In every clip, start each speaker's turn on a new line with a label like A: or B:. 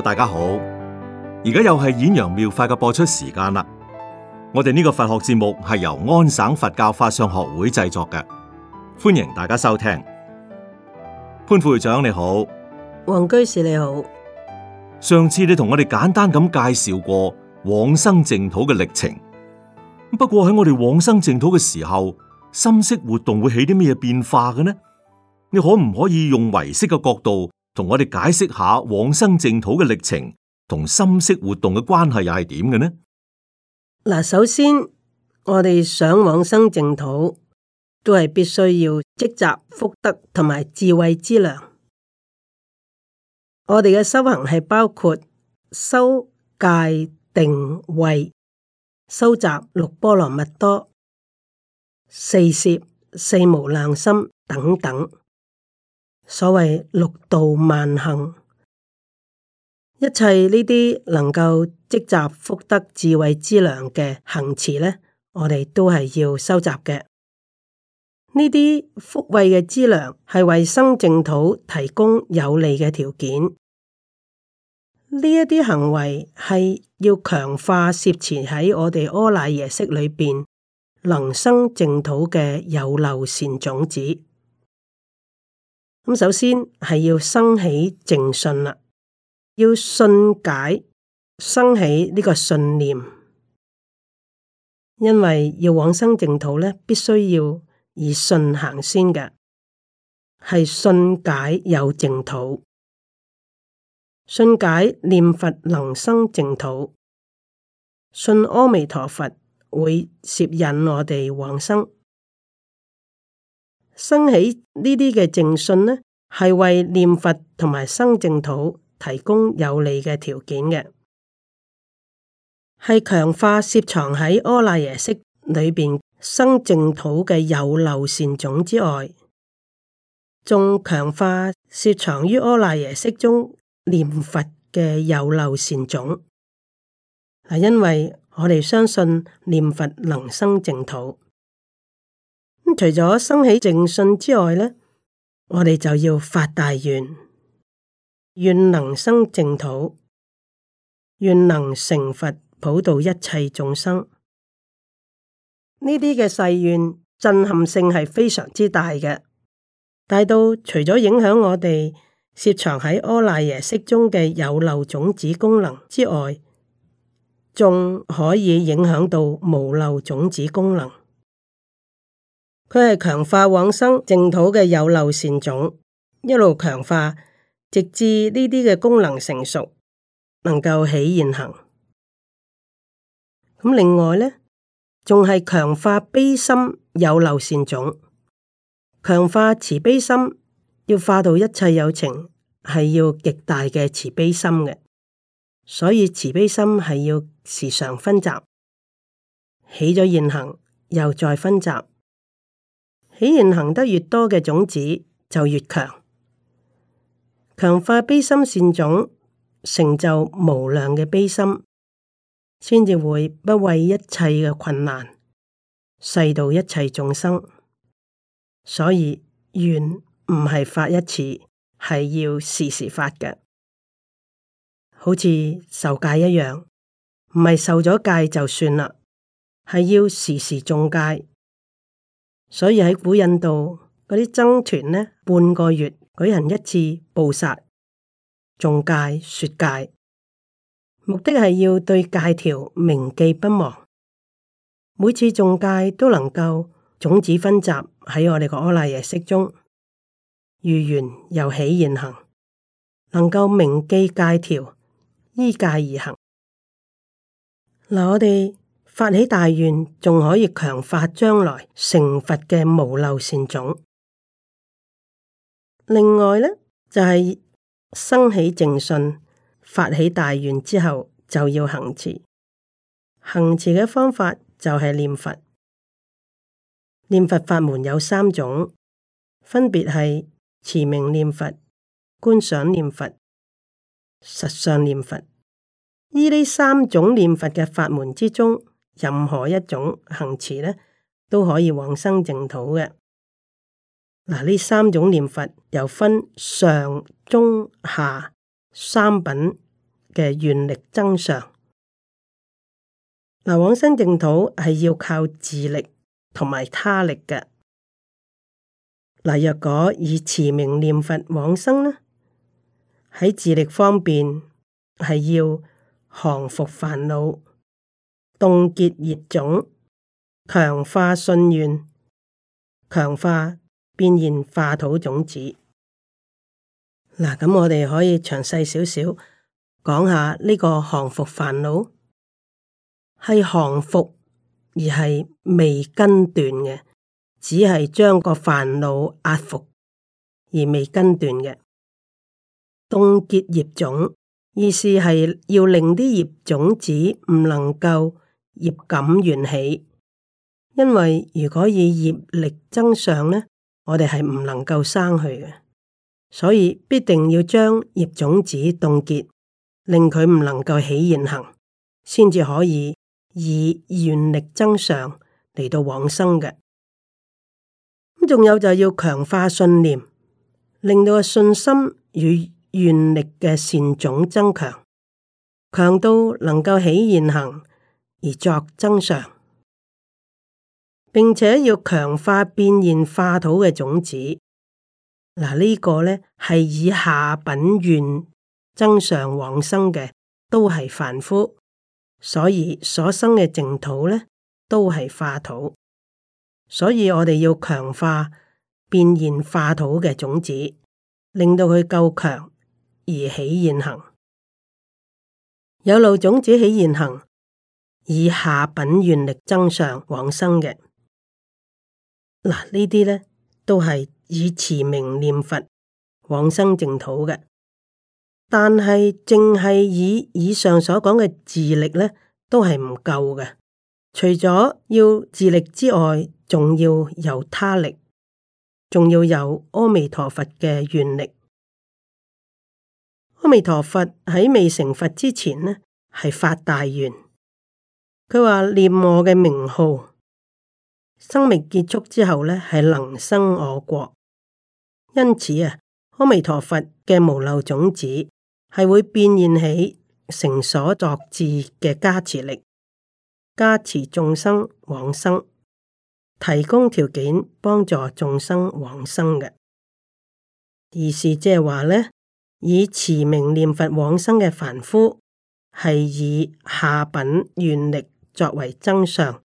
A: 大家好，而家又係《演揚妙法》嘅播出時間啦！我哋呢個佛學節目係由安省佛教法相學會製作嘅，歡迎大家收聽。潘副會長你好，黃居士你好。上次你同我哋簡單咁介紹過往生淨土嘅歷程，不過喺我哋往生淨土嘅時候，心識活動會起啲咩嘢變化嘅呢？你可唔可以用唯識嘅角度？同我哋解釋下往生淨土嘅歷程同心識活動嘅關係又係點嘅呢？
B: 嗱，首先我哋想往生淨土，都係必須要積集福德同埋智慧之糧。我哋嘅修行係包括修戒定慧，修集六波羅蜜多，四攝四無量心等等。所謂六度萬行，一切呢啲能夠積集福德智慧之糧嘅行持呢，我哋都係要收集嘅。呢啲福慧嘅資糧係為生淨土提供有利嘅條件。呢一啲行為係要強化攝持喺我哋阿賴耶識裏邊能生淨土嘅有漏善種子。咁首先係要生起淨信啦，要信解，生起呢個信念，因為要往生淨土咧，必須要以信行先嘅，係信解有淨土，信解念佛能生淨土，信阿彌陀佛會攝引我哋往生。生起呢啲嘅正信呢，係為念佛同埋生淨土提供有利嘅條件嘅，係強化攝藏喺阿賴耶識裏邊生淨土嘅有漏善種之外，仲強化攝藏於阿賴耶識中念佛嘅有漏善種。嗱，因為我哋相信念佛能生淨土。除咗生起正信之外咧，我哋就要發大願，願能生淨土，願能成佛，普渡一切眾生。呢啲嘅誓願震撼性係非常之大嘅，大到除咗影響我哋攝藏喺阿賴耶識中嘅有漏種子功能之外，仲可以影響到無漏種子功能。佢係強化往生淨土嘅有漏善種，一路強化，直至呢啲嘅功能成熟，能夠起現行。咁另外呢，仲係強化悲心有漏善種，強化慈悲心，要化到一切有情，係要極大嘅慈悲心嘅。所以慈悲心係要時常熏習，起咗現行又再熏習。顯然行得越多嘅種子就越強，強化悲心善種，成就無量嘅悲心，先至會不畏一切嘅困難，誓度一切眾生。所以願唔係發一次，係要時時發嘅，好似受戒一樣，唔係受咗戒就算啦，係要時時種戒。所以喺古印度嗰啲僧團呢，半個月舉行一次布薩，誦戒說戒，目的係要對戒條銘記不忘。每次誦戒都能夠種子分集喺我哋個阿賴耶識中，遇緣又起現行，能夠銘記戒條，依戒而行。嗱，我哋。發起大願，仲可以強化將來成佛嘅無漏善種。另外呢，就係、是、生起正信，發起大願之後就要行持。行持嘅方法就係念佛，念佛法門有三種，分別係持名念佛、觀想念佛、實相念佛。以呢三種念佛嘅法門之中。任何一種行持咧，都可以往生淨土嘅。嗱，呢三種念佛又分上、中、下三品嘅願力增上。嗱，往生淨土係要靠自力同埋他力嘅。嗱，若果以持名念佛往生咧，喺自力方面係要降伏煩惱。凍結業種，強化信願，強化變現化土種子。嗱，咁我哋可以詳細少少講下呢個降伏煩惱，係降伏而係未根斷嘅，只係將個煩惱壓伏而未根斷嘅。凍結業種，意思係要令啲業種子唔能夠。業感緣起，因為如果以業力增上呢，我哋係唔能夠生佢嘅，所以必定要將業種子凍結，令佢唔能夠起現行，先至可以以願力增上嚟到往生嘅。咁仲有就要強化信念，令到信心與願力嘅善種增強，強到能夠起現行。而作增上，並且要強化變現化土嘅種子。嗱、這個，呢個咧，係以下品願增上往生嘅，都係凡夫，所以所生嘅淨土咧都係化土。所以我哋要強化變現化土嘅種子，令到佢夠強而起現行。有漏種子起現行。以下品願力增上往生嘅。嗱、呢啲咧都係以持名念佛往生淨土嘅，但係淨係以以上所講嘅自力咧，都係唔夠嘅。除咗要自力之外，仲要有他力，仲要有阿彌陀佛嘅願力。阿彌陀佛喺未成佛之前呢，係發大願。佢話念我嘅名號，生命結束之後呢係能生我國。因此啊，阿彌陀佛嘅無漏種子係會變現起成所作智嘅加持力，加持眾生往生，提供條件幫助眾生往生嘅。意思即係話呢，以持名念佛往生嘅凡夫係以下品願力，作為真相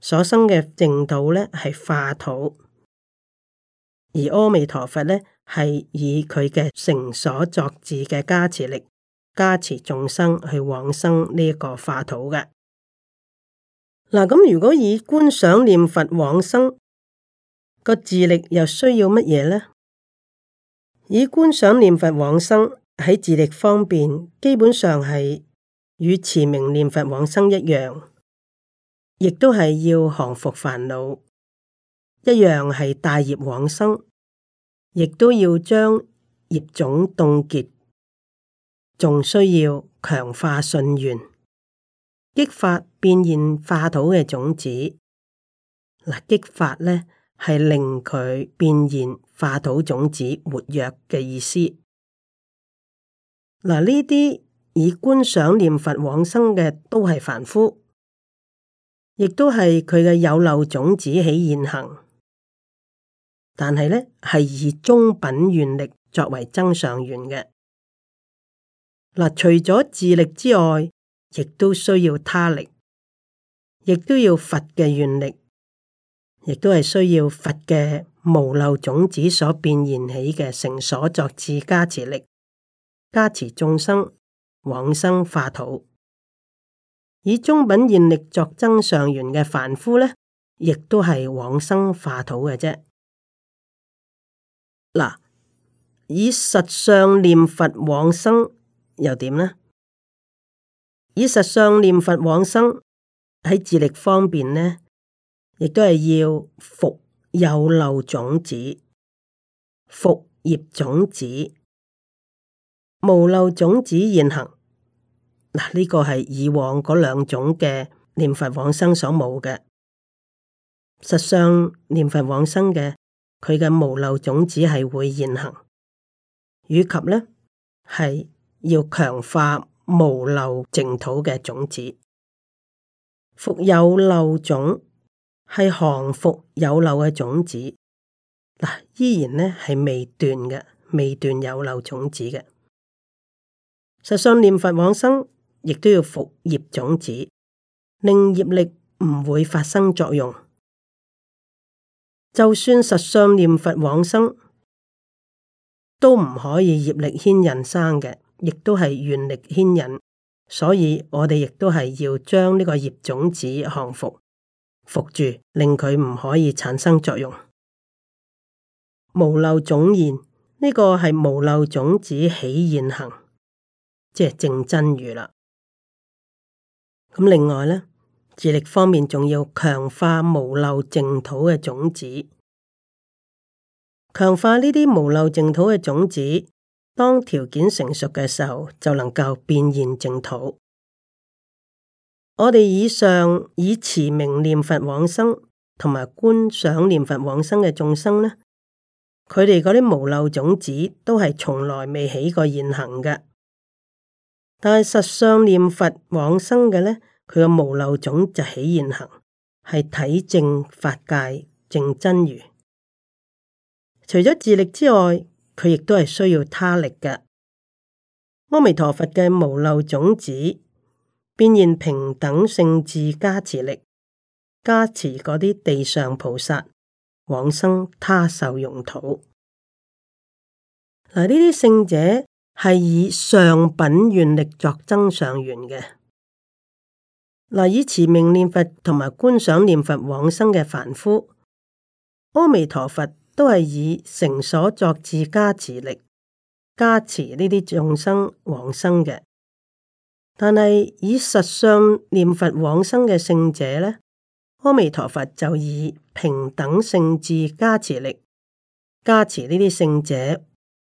B: 所生嘅淨土咧，係化土；而阿彌陀佛咧，係以佢嘅成所作智嘅加持力加持眾生去往生呢一個化土嘅。嗱、啊，咁如果以觀想念佛往生個自力，又需要乜嘢呢？以觀想念佛往生喺自力方面，基本上係。與持名念佛往生一樣，亦都係要降伏煩惱，一樣係大業往生，亦都要將業種凍結，仲需要強化信願，激發變現化土嘅種子。嗱，激發咧係令佢變現化土種子活躍嘅意思。嗱，呢啲。以觀想念佛往生嘅都係凡夫，亦都係佢嘅有漏種子起現行。但係呢係以中品願力作為增上緣嘅嗱。除咗自力之外，亦都需要他力，亦都要佛嘅願力，亦都係需要佛嘅無漏種子所變現起嘅成所作智加持力，加持眾生。往生化土，以中品現力作增上緣嘅凡夫呢，亦都係往生化土嘅啫。嗱，以實相念佛往生又點呢？以實相念佛往生喺自力方面呢，亦都係要伏有漏種子、伏業種子、無漏種子現行。呢個係以往嗰兩種嘅念佛往生所冇嘅。實上念佛往生嘅，佢嘅無漏種子係會現行，以及咧係要強化無漏淨土嘅種子。伏有漏種係降伏有漏嘅種子，嗱，依然咧係未斷嘅，未斷有漏種子嘅。實上念佛往生。亦都要服業種子，令業力唔會發生作用。就算實相念佛往生，都唔可以業力牽引生嘅，亦都係願力牽引。所以我哋亦都係要將呢個業種子降服，服住令佢唔可以產生作用。無漏種現呢個係無漏種子起現行，即係正真如啦。咁另外呢，自力方面仲要強化無漏淨土嘅種子，強化呢啲無漏淨土嘅種子，當條件成熟嘅時候就能夠變現淨土。我哋以上以持名念佛往生同埋觀想念佛往生嘅眾生呢，佢哋嗰啲無漏種子都係從來未起過現行嘅，但係實相念佛往生嘅呢，佢個無漏種就起現行，係體證法界正真如。除咗自力之外，佢亦都係需要他力嘅。阿彌陀佛嘅無漏種子變現平等性智加持力，加持嗰啲地上菩薩往生他受用土。嗱，呢啲聖者係以上品願力作增上緣嘅。嗱，以持名念佛同埋觀想念佛往生嘅凡夫，阿彌陀佛都係以成所作智加持力加持呢啲眾生往生嘅。但係以實相念佛往生嘅聖者呢？阿彌陀佛就以平等性智加持力加持呢啲聖者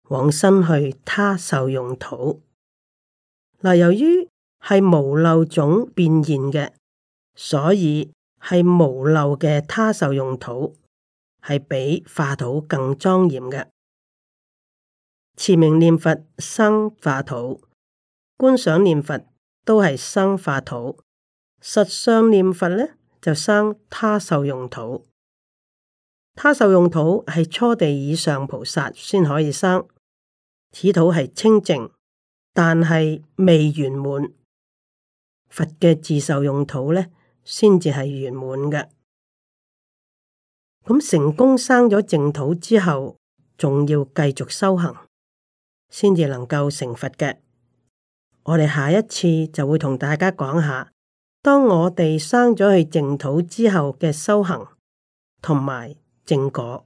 B: 往生去他受用土，嗱，由於係無漏種變現嘅，所以係無漏嘅他受用土，係比化土更莊嚴嘅。持名念佛生化土，觀想念佛都係生化土，實相念佛呢，就生他受用土。他受用土係初地以上菩薩先可以生此土，係清淨，但係未圓滿。佛嘅自受用土咧，先至係圓滿嘅。咁成功生咗淨土之後，仲要繼續修行，先至能夠成佛嘅。我哋下一次就會同大家講下，當我哋生咗去淨土之後嘅修行同埋正果。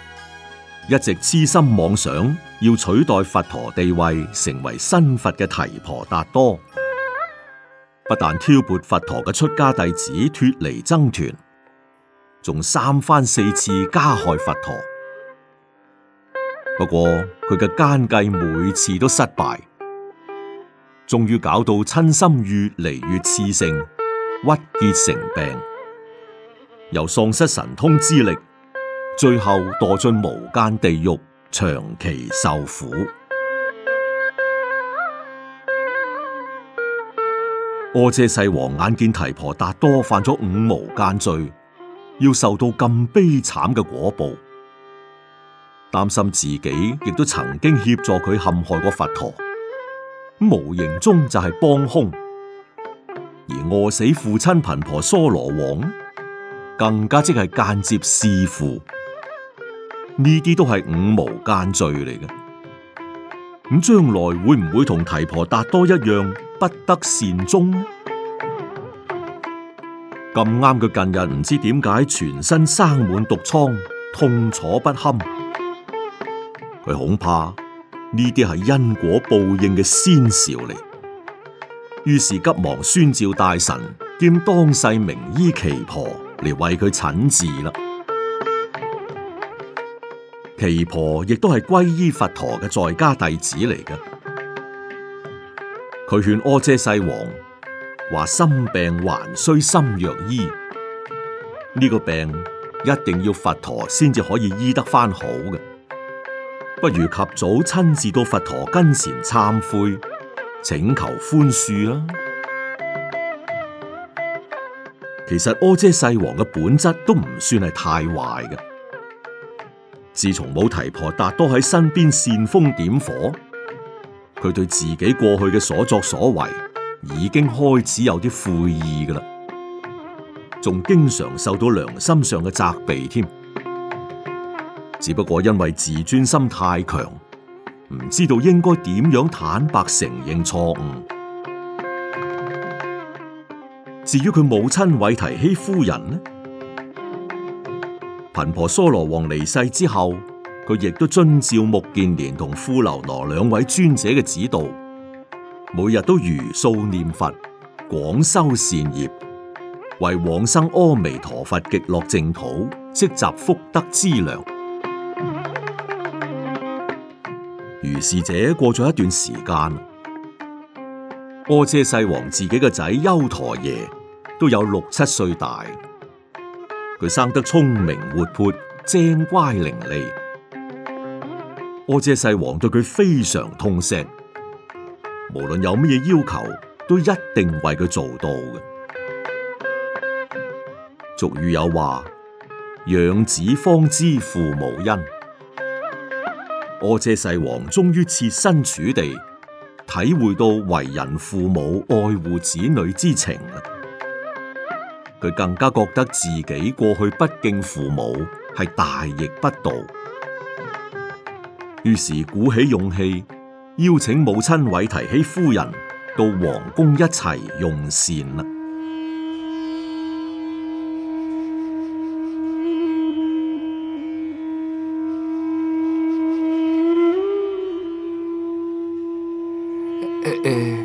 A: 一直癡心妄想，要取代佛陀地位，成為新佛嘅提婆達多，不但挑撥佛陀嘅出家弟子脫離僧團，仲三番四次加害佛陀。不過佢嘅奸計每次都失敗，終於搞到瞋心越嚟越熾盛，鬱結成病，又喪失神通之力。最後墮進無間地獄，長期受苦。阿闍世王眼見提婆達多犯咗五無間罪，要受到咁悲慘嘅果報，擔心自己亦都曾經協助佢陷害過佛陀，無形中就係幫凶。而餓死父親頻婆娑羅王，更加即係間接弑父。呢啲都係五無間罪嚟嘅，咁將來會唔會同提婆達多一樣不得善終呢？咁啱佢近日唔知點解全身生滿毒瘡，痛楚不堪，佢恐怕呢啲係因果報應嘅先兆嚟，於是急忙宣召大臣兼當世名醫耆婆嚟為佢診治啦。其婆亦都係皈依佛陀嘅在家弟子嚟嘅，佢勸阿闍世王話：心病還需心藥醫，呢個病一定要佛陀先至可以醫得翻好，不如及早親自到佛陀跟前懺悔，請求寬恕啊！其實阿闍世王嘅本質都唔算係太壞嘅。自從冇提婆達多喺身邊煽風點火，佢對自己過去嘅所作所為已經開始有啲悔意㗎喇，仲經常受到良心上嘅責備添。只不過因為自尊心太強，唔知道應該點樣坦白承認錯誤。至於佢母親韋提希夫人呢？頻婆娑羅王離世之後，佢亦都遵照目犍連同富樓那兩位尊者嘅指導，每日都如數念佛，廣修善業，為往生阿彌陀佛極樂淨土，積集福德資糧。如是者過咗一段時間，阿闍世王自己嘅仔優陀耶都有六七歲大。佢生得聰明活潑，精乖伶俐。阿闍世王對佢非常痛錫，無論有乜嘢要求，都一定為佢做到嘅。俗語有話：養子方知父母恩。阿闍世王終於切身處地體會到為人父母愛護子女之情。佢更加覺得自己過去不敬父母，係大逆不道。於是鼓起勇氣，邀請母親韋提希夫人到皇宮一齊用膳啦。呃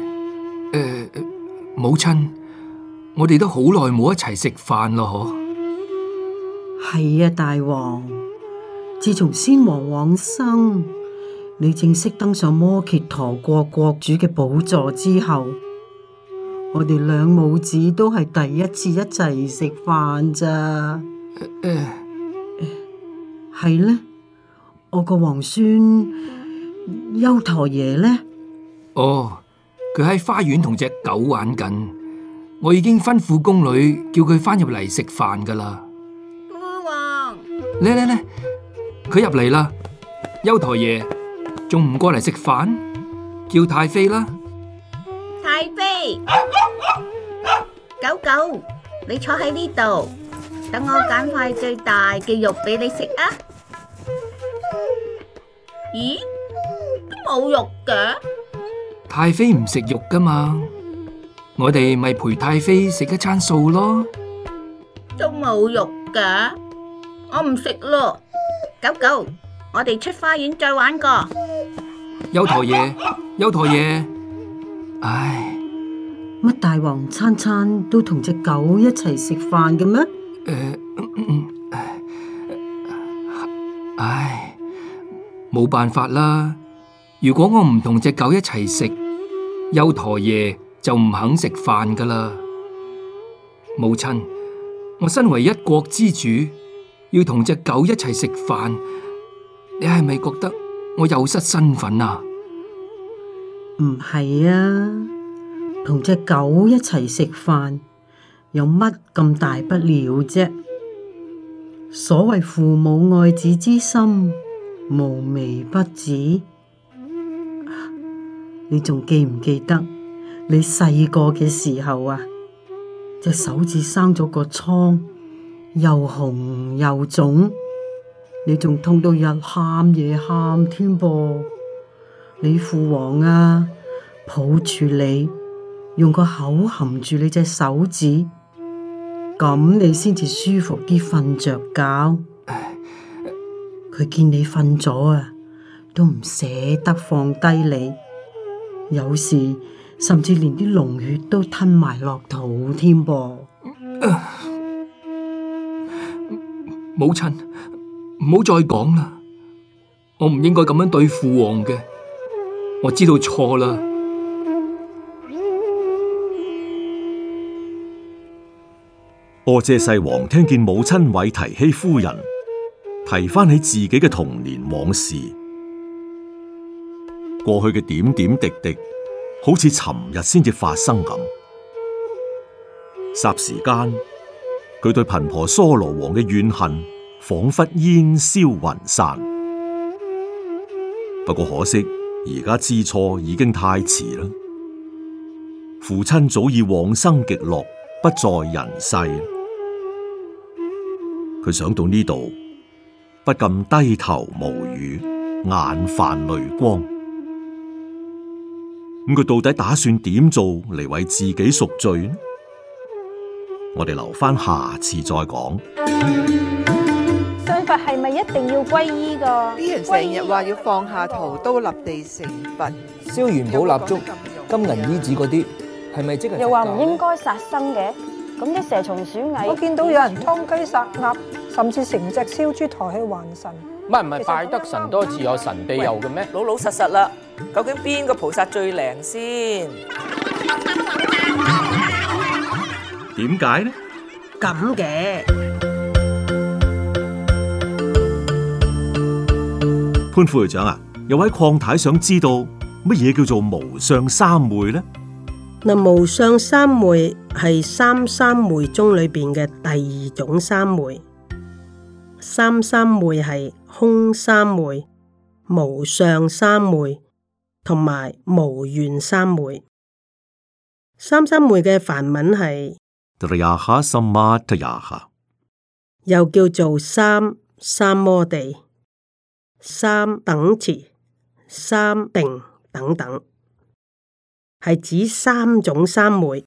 B: 呃，
C: 母親。我哋都好耐冇一齊食飯咯，嗬？
D: 係啊，大王。自從先王往生，你正式登上摩羯陀國國主嘅寶座之後，我哋兩母子都係第一次一齊食飯咋。係、呃呃、呢？我個皇孫優陀爺呢？
C: 哦，佢喺花園同隻狗玩緊。我已經吩咐宮女叫佢返入嚟食飯噶啦。父皇，嚟嚟嚟，佢入嚟啦，休台爺仲唔過嚟食飯？叫太妃啦，太妃，狗狗，你坐喺呢度，等我揀塊最大嘅肉俾你食啊！咦，都冇肉噶？太妃唔食肉噶嘛？我哋咪陪太妃食一餐素咯，都冇肉噶，我唔食咯。狗狗，我哋出花園再玩過。優陀爺，優陀爺，
D: 唉，乜大王餐餐都同隻狗一齊食飯嘅咩？
C: 唉，冇辦法啦。如果我唔同隻狗一齊食，優陀爺，就唔肯食飯噶啦，母親，我身為一國之主，要同隻狗一齊食飯，你係咪覺得我有失
D: 身份啊？唔係啊，同隻狗一齊食飯有乜咁大不了啫？所謂父母愛子之心，無微不至，你仲記唔記得？你細個嘅時候啊，隻手指生咗個瘡，又紅又腫，你仲痛到日喊夜喊添噃。你父王啊，抱住你，用個口含住你隻手指，咁你先至舒服啲瞓着覺。佢 見你瞓咗啊，都唔捨得放低你，有時。甚至連啲龍血都吞埋落肚添噃！
C: 母親，唔好再講啦，我唔應該咁樣對父王嘅，我知道錯啦。
A: 阿闍世王聽見母親韋提希夫人提翻起自己嘅童年往事，過去嘅點點滴滴。好似尋日先至發生咁，霎時間佢對頻婆娑羅王嘅怨恨仿佛煙消雲散。不過可惜，而家知錯已經太遲啦。父親早已往生極樂，不在人世。佢想到呢度，不禁低頭無語，眼泛淚光。咁佢到底打算點做嚟為自己贖罪呢？ 我哋留翻下次再講。
C: 信佛係咪一定要皈依㗎？啲人成日話要放下屠
D: 刀立地成
C: 佛，燒元寶、蠟燭、金銀、衣紙嗰啲，係咪即係？又話唔應
D: 該殺生嘅，咁啲蛇蟲鼠蟻，我見到有人劏雞殺鴨，甚至成隻燒豬抬去還神。
C: 唔係唔係，拜得神多自有神庇佑嘅咩？老老實實啦。究竟邊個菩薩最靚先？
A: 點解呢？
B: 咁嘅
A: 潘副會長啊，有位鄺太想知道乜嘢叫做無相三昧呢？
B: 嗱，無相三昧係三三昧中裏邊嘅第二種三昧。三三昧係空三昧、無相三昧。同埋無願三昧，三三昧
A: 嘅梵文係，
B: 又叫做三三摩地、三等持、三定等等，係指三種三昧。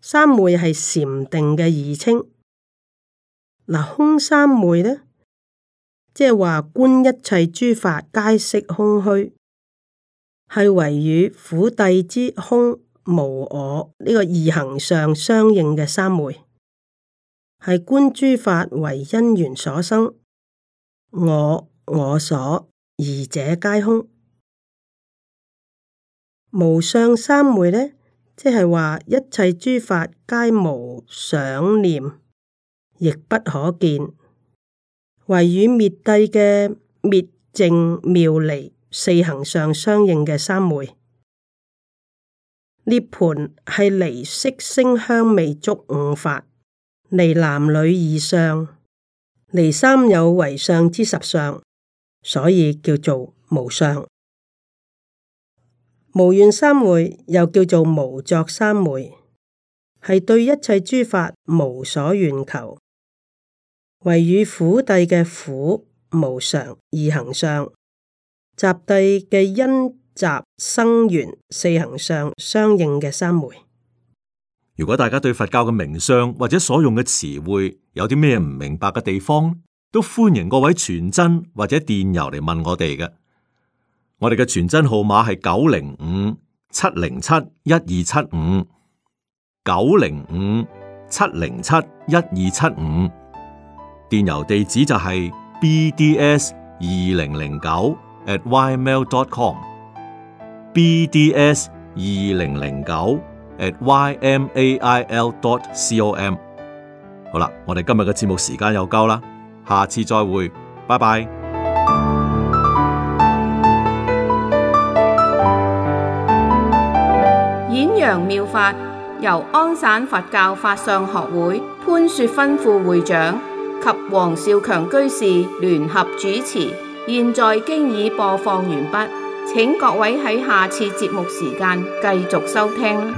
B: 三昧係禪定嘅異稱。嗱，空三昧呢，即係話觀一切諸法皆悉空虛。係為與苦諦之空無我呢、這個二行上相應嘅三昧，係觀諸法為因緣所生，我我所二者皆空。無相三昧呢，即係話一切諸法皆無想念，亦不可見，為與滅諦嘅滅靜妙離。四行相相應嘅三昧，涅盤係離色聲香味觸五法，離男女二相，離三有為相之十相，所以叫做無相。無願三昧又叫做無作三昧，係對一切諸法無所願求，為與苦諦嘅苦無常二行相，集地嘅因集生緣四行相相應嘅三昧。
A: 如果大家對佛教嘅名相或者所用嘅詞彙有啲咩唔明白嘅地方，都歡迎各位傳真或者電郵嚟問我哋嘅。我哋嘅傳真號碼係九零五七零七一二七五九零五七零七一二七五。75, 75, 電郵地址就係 bds 二零零九。at ymail dot com bds 二零零九 at ym a i l dot com 好啦，我哋今日嘅節目時間又夠啦，下次再會，拜拜。
C: 演揚妙法由安省佛教法相學會潘雪芬副會長及黃少強居士聯合主持。現在經已播放完畢，請各位喺下次節目時間繼續收聽。